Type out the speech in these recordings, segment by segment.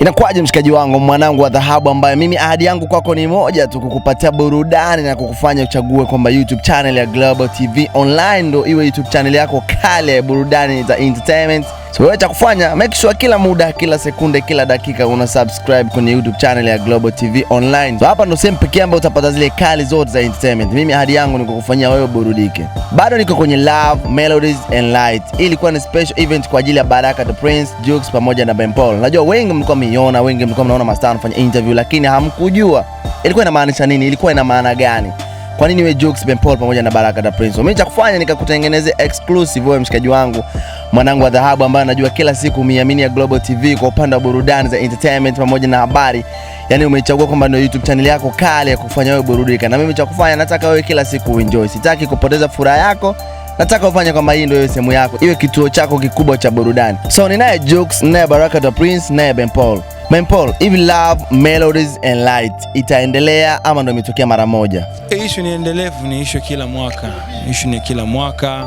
Inakuwaje mshikaji wangu, mwanangu wa dhahabu, ambaye mimi ahadi yangu kwako ni moja tu, kukupatia burudani na kukufanya uchague kwamba YouTube channel ya Global TV Online ndo iwe YouTube channel yako kale burudani za entertainment So wewe cha kufanya make sure kila muda, kila sekunde, kila dakika una subscribe kwenye YouTube channel ya Global TV Online. So hapa ndo sehemu pekee ambayo utapata zile kali zote za entertainment. Mimi ahadi yangu ni kukufanyia wewe burudike. Bado niko kwenye Love Melodies and Light. Hii ilikuwa ni special event kwa ajili ya Baraka the Prince, Jux pamoja na Paul. Najua wengi mlikuwa mmeiona, wengi mlikuwa mnaona mastaa anafanya interview, lakini hamkujua ilikuwa inamaanisha nini, ilikuwa ina maana gani kwa nini we Jux Ben Paul pamoja na Baraka da Prince. Mimi cha kufanya nikakutengenezea exclusive wewe mshikaji wangu, mwanangu wa dhahabu ambaye anajua kila siku miamini ya Global TV kwa upande wa burudani za entertainment pamoja na habari. Yaani umechagua kwamba ndio YouTube channel yako kale ya kufanya wewe burudika. Na mimi cha kufanya nataka wewe kila siku enjoy. Sitaki kupoteza furaha yako. Nataka ufanye kwamba hii ndio sehemu yako, iwe kituo chako kikubwa cha burudani. So ninaye Jux, ninaye Baraka da Prince, naye Ben Paul. Mempol, hivi Love Melodies and Light itaendelea ama ndo imetokea mara moja? Eh, ishu ni endelevu, ni ishu kila mwaka, ishu ni kila mwaka.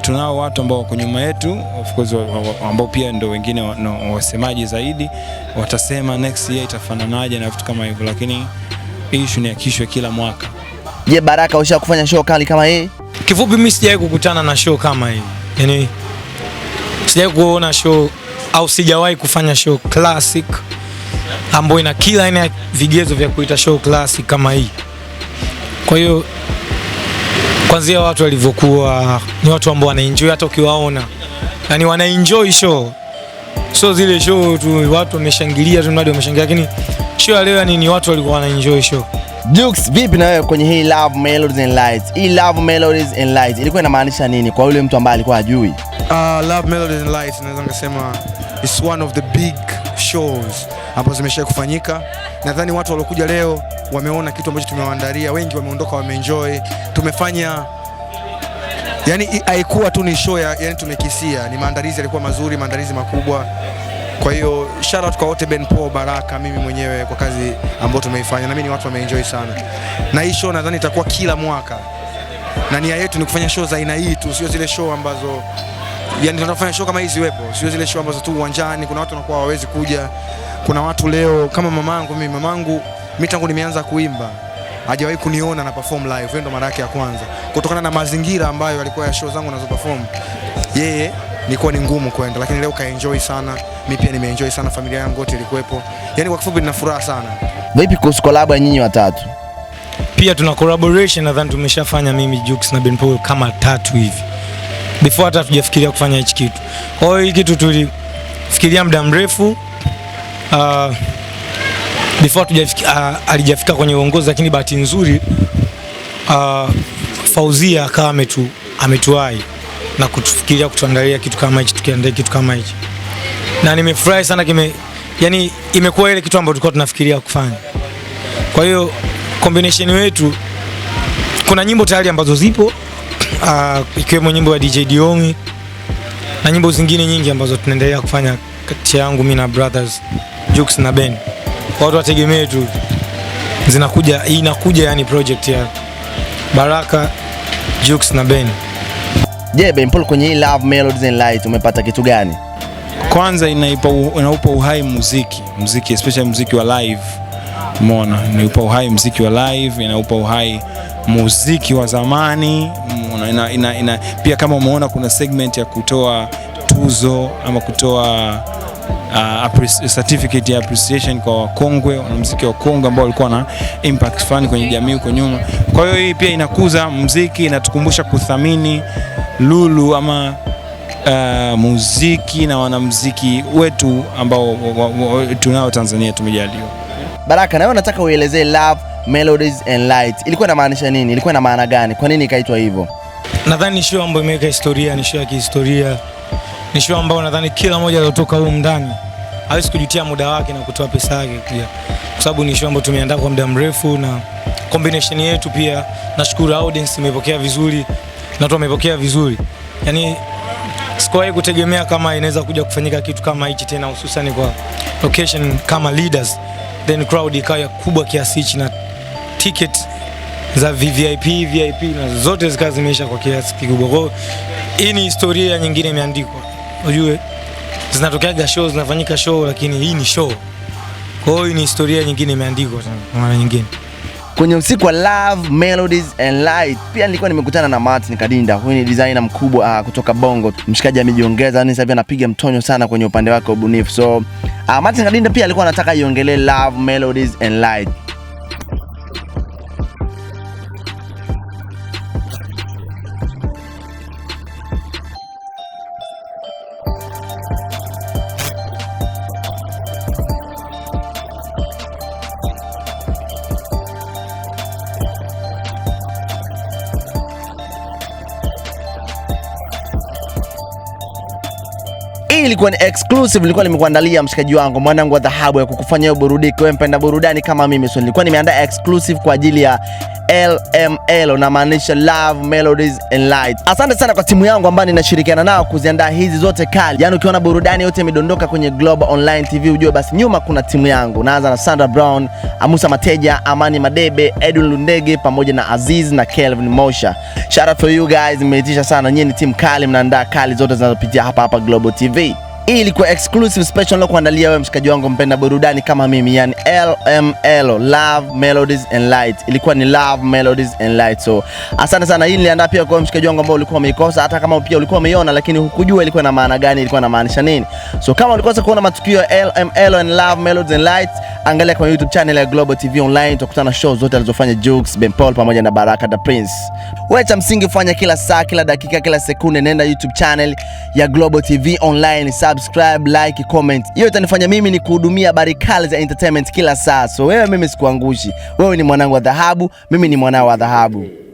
Tunao watu ambao wako nyuma yetu, of course, ambao pia ndo wengine wasemaji zaidi watasema next year itafananaje na vitu kama hivyo, lakini ishu ni akishwe kila mwaka. Je, Baraka usha kufanya show kali kama hii? Kifupi, mimi sijawahi kukutana na show kama hii, yani sijawahi kuona show au sijawahi kufanya show classic ambayo ina kila aina ya vigezo vya kuita show classic kama hii. Kwa hiyo kwanzia watu walivyokuwa ni watu ambao wanaenjoy, hata ukiwaona yani wanaenjoy show, so zile show tu watu wameshangilia tu, mradi wameshangilia, lakini show ya leo yani ni watu walikuwa wanaenjoy show. Dukes, vipi na wewe kwenye hii Love Melodies and Lights? Hii Love Melodies and Lights ilikuwa inamaanisha nini kwa yule mtu ambaye alikuwa hajui? Uh, Love Melodies and Lights naweza ngasema is one of the big shows ambazo zimesha kufanyika. Nadhani watu waliokuja leo wameona kitu ambacho tumewaandalia, wengi wameondoka wameenjoy. Tumefanya yani, haikuwa tu ni show ya yani, tumekisia ni maandalizi, yalikuwa mazuri, maandalizi makubwa. Kwa hiyo shout out kwa wote Ben Paul, Baraka, mimi mwenyewe kwa kazi ambayo tumeifanya, na mimi watu wameenjoy sana, na hii show nadhani itakuwa kila mwaka, na nia yetu ni kufanya show za aina hii tu, sio zile show ambazo yani tunafanya show kama hizi wepo, sio zile show ambazo tu uwanjani. Kuna watu wanakuwa hawawezi kuja, kuna watu leo kama mamangu mimi, mamangu mimi tangu nimeanza kuimba hajawahi kuniona na perform live, hiyo ndo mara yake ya kwanza, kutokana na mazingira ambayo alikuwa ya show zangu nazo perform yeye nilikuwa ni ngumu kwenda, lakini leo kaenjoy sana, mimi pia nimeenjoy sana, familia yangu yote ilikuwepo. Yani kwa kifupi, nina furaha sana. Vipi kuhusu collab ya nyinyi watatu? Pia tuna collaboration, nadhani tumeshafanya mimi Jux na Benpool kama tatu hivi before hata tujafikiria kufanya hichi kitu. Kwa hiyo hii kitu tulifikiria muda mrefu uh, before tujafikia uh, alijafika kwenye uongozi, lakini bahati nzuri uh, Fauzia akawa ametu ametuai na kutufikiria kutuandalia kitu kama hichi, tukiandaa kitu kama hichi, na nimefurahi sana kime, yani imekuwa ile kitu ambayo tulikuwa tunafikiria kufanya. Kwa hiyo combination wetu, kuna nyimbo tayari ambazo zipo uh, ikiwemo nyimbo ya DJ Diongi na nyimbo zingine nyingi ambazo tunaendelea kufanya kati yangu mimi na brothers Jux na Ben. watu wategemee tu zinakuja, hii inakuja yani project ya Baraka Jux na Ben. Je, Ben Paul kwenye hii Love Melodies and Light umepata kitu gani? Kwanza inaipa inaupa uhai muziki, muziki especially muziki wa live. Umeona, inaupa uhai muziki wa live, inaupa uhai muziki wa zamani mm, ina, ina, ina, pia kama umeona kuna segment ya kutoa tuzo ama kutoa uh, certificate ya appreciation kwa wakongwe, wanamuziki wakongwe ambao walikuwa na impact fulani kwenye jamii huko nyuma. Kwa hiyo hii pia inakuza muziki, inatukumbusha kuthamini lulu ama uh, muziki na wanamuziki wetu ambao tunao Tanzania tumejaliwa. Baraka, na wewe nataka uelezee love Melodies and Light. Ilikuwa inamaanisha nini? Ilikuwa na maana gani? Kwa nini ikaitwa hivyo? Nadhani ni show ambayo imeweka historia, ni show ya kihistoria, ni show ambayo nadhani kila mmoja aliotoka huko ndani hawezi kujutia muda wake na kutoa pesa yake pia, kwa sababu ni show ambayo tumeandaa kwa muda mrefu na combination yetu pia. Nashukuru audience imepokea vizuri na watu wamepokea vizuri, yaani sikuwahi kutegemea kama inaweza kuja kufanyika kitu kama hichi tena, hususan kwa location kama Leaders, then crowd ikawa kubwa kiasi hichi na ticket za VIP VIP na zote zikawa zimeisha kwa kiasi kikubwa. Kwa hiyo hii ni historia nyingine imeandikwa. Unajue zinatokeaga show zinafanyika show, lakini hii ni show. Kwa hiyo hii ni historia nyingine imeandikwa kwa maana nyingine. Kwenye usiku wa Love Melodies and Light pia nilikuwa nimekutana na Martin Kadinda. Huyu ni designer mkubwa uh, kutoka Bongo. Mshikaji amejiongeza, yani sasa anapiga mtonyo sana kwenye upande wake wa ubunifu. So uh, Martin Kadinda pia alikuwa anataka iongelee Love Melodies and Light. ilikuwa ni exclusive, nilikuwa nimekuandalia mshikaji wangu, mwanangu wa dhahabu, ya kukufanyia wewe burudike, wewe mpenda burudani kama mimi. So nilikuwa nimeandaa exclusive kwa ajili ya LML unamaanisha Love Melodies and Light. Asante sana kwa timu yangu ambayo ninashirikiana nao kuziandaa hizi zote kali. Yaani ukiona burudani yote imedondoka kwenye Global Online TV ujue basi nyuma kuna timu yangu. Naanza na Sandra Brown, Amusa Mateja, Amani Madebe, Edwin Lundege pamoja na Aziz na Kelvin Mosha. Shout out for you guys, mmeitisha sana. Nyinyi ni timu kali, mnaandaa kali zote zinazopitia hapa hapa Global TV. Hii ilikuwa exclusive special na kuandalia wewe mshikaji wangu mpenda burudani kama mimi, yani LML, Love Melodies and Light. Ilikuwa ni Love Melodies and Light. So asante sana, hii niliandaa pia kwa mshikaji wangu ambao ulikuwa umeikosa, hata kama pia ulikuwa umeiona lakini hukujua ilikuwa na maana gani, ilikuwa na maanisha nini. So kama ulikosa kuona matukio ya LML and Love Melodies and Light, angalia kwa YouTube channel ya Global TV Online, utakutana show zote alizofanya Jux, Ben Paul pamoja na Baraka da Prince. Wewe cha msingi fanya kila saa, kila dakika, kila sekunde, nenda YouTube channel ya Global TV Online subscribe, like, comment. Hiyo itanifanya mimi ni kuhudumia habari kali za entertainment kila saa. So wewe, mimi sikuangushi. Wewe ni mwanangu wa dhahabu, mimi ni mwanao wa dhahabu.